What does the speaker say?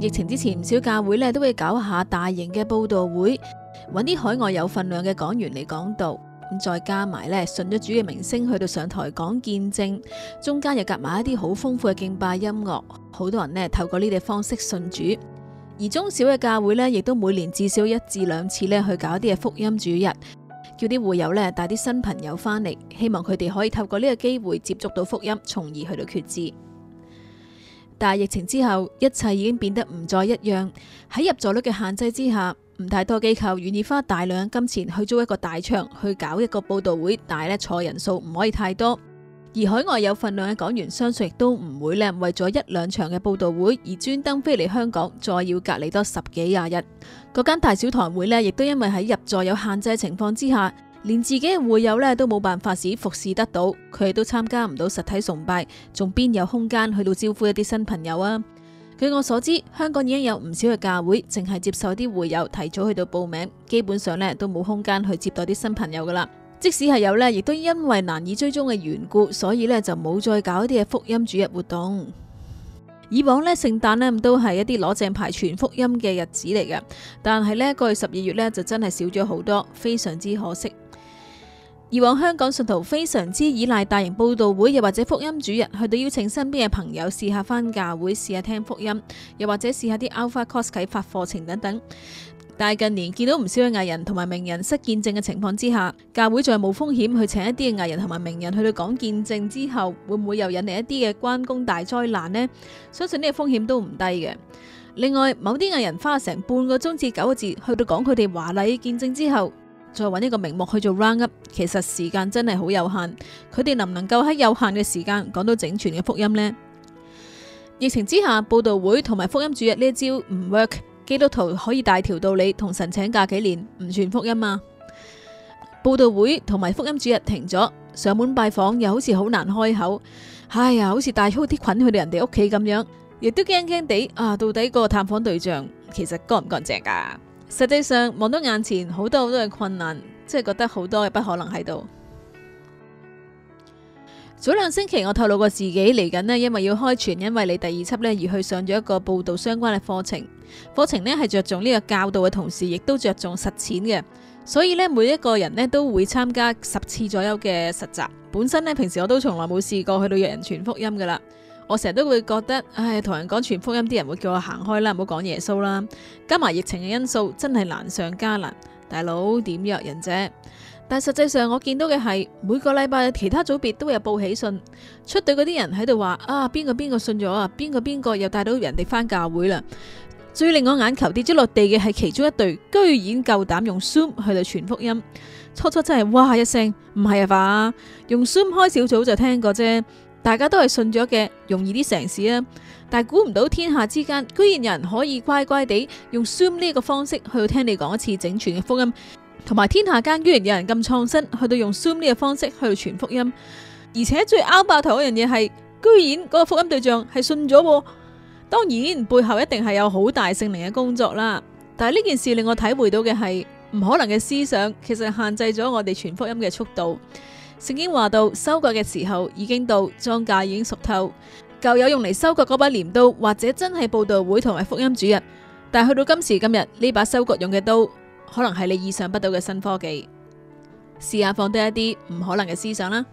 疫情之前唔少教會咧都會搞一下大型嘅布道會，揾啲海外有份量嘅講員嚟講道，咁再加埋咧信咗主嘅明星去到上台講見證，中間又夾埋一啲好豐富嘅敬拜音樂，好多人咧透過呢啲方式信主。而中小嘅教會咧亦都每年至少一至兩次咧去搞一啲嘅福音主日，叫啲會友咧帶啲新朋友翻嚟，希望佢哋可以透過呢個機會接觸到福音，從而去到決志。但係疫情之後，一切已經變得唔再一樣。喺入座率嘅限制之下，唔太多機構願意花大量嘅金錢去租一個大場去搞一個佈道會，但係咧坐人數唔可以太多。而海外有份量嘅講員相信亦都唔會咧，為咗一兩場嘅佈道會而專登飛嚟香港，再要隔離多十幾廿日。嗰間大小堂會呢，亦都因為喺入座有限制嘅情況之下。連自己嘅會友咧都冇辦法使服侍得到，佢哋都參加唔到實體崇拜，仲邊有空間去到招呼一啲新朋友啊？據我所知，香港已經有唔少嘅教會淨係接受啲會友提早去到報名，基本上咧都冇空間去接待啲新朋友噶啦。即使係有咧，亦都因為難以追蹤嘅緣故，所以咧就冇再搞一啲嘅福音主日活動。以往咧聖誕咧都係一啲攞正牌全福音嘅日子嚟嘅，但係呢，過去十二月咧就真係少咗好多，非常之可惜。以往香港信徒非常之倚賴大型佈道會，又或者福音主日去到邀請身邊嘅朋友試下返教會，試下聽福音，又或者試下啲 Alpha Course 啟發課程等等。但係近年見到唔少嘅藝人同埋名人失見證嘅情況之下，教會再冇風險去請一啲嘅藝人同埋名人去到講見證之後，會唔會又引嚟一啲嘅關公大災難呢？相信呢個風險都唔低嘅。另外，某啲藝人花成半個鐘至九個字去到講佢哋華麗嘅見證之後，再搵一個名目去做 round up，其實時間真係好有限，佢哋能唔能夠喺有限嘅時間講到整全嘅福音呢？疫情之下，報道會同埋福音主日呢招唔 work，基督徒可以大條道理同神請假幾年，唔傳福音嘛？報道會同埋福音主日停咗，上門拜訪又好似好難開口，唉呀，好似帶好啲菌去到人哋屋企咁樣，亦都驚驚地啊！到底個探訪對象其實乾唔乾淨㗎？實際上望到眼前好多好多嘅困難，即係覺得好多嘅不可能喺度。早兩星期我透露過自己嚟緊呢，因為要開傳因為你第二輯呢而去上咗一個報道相關嘅課程。課程呢係着重呢個教導嘅同時，亦都着重實踐嘅。所以呢，每一個人呢都會參加十次左右嘅實習。本身呢，平時我都從來冇試過去到約人傳福音噶啦。我成日都會覺得，唉，同人講傳福音，啲人會叫我行開啦，唔好講耶穌啦。加埋疫情嘅因素，真係難上加難。大佬點約人啫？但實際上我見到嘅係，每個禮拜其他組別都會有報喜信，出隊嗰啲人喺度話啊，邊個邊個信咗啊，邊個邊個又帶到人哋返教會啦。最令我眼球跌咗落地嘅係，其中一隊居然夠膽用 Zoom 去到傳福音，初初真係哇一聲，唔係啊吧？用 Zoom 開小組就聽過啫。大家都係信咗嘅，容易啲成事啊！但係估唔到天下之間，居然有人可以乖乖地用 Zoom 呢個方式去聽你講一次整全嘅福音，同埋天下間居然有人咁創新，去到用 Zoom 呢個方式去傳福音。而且最 o 爆頭一樣嘢係，居然嗰個福音對象係信咗。當然背後一定係有好大聖靈嘅工作啦。但係呢件事令我體會到嘅係，唔可能嘅思想其實限制咗我哋傳福音嘅速度。聖經話到收割嘅時候已經到，莊稼已經熟透。舊有用嚟收割嗰把鐮刀，或者真係布道會同埋福音主日。但係去到今時今日，呢把收割用嘅刀，可能係你意想不到嘅新科技。試下放低一啲唔可能嘅思想啦。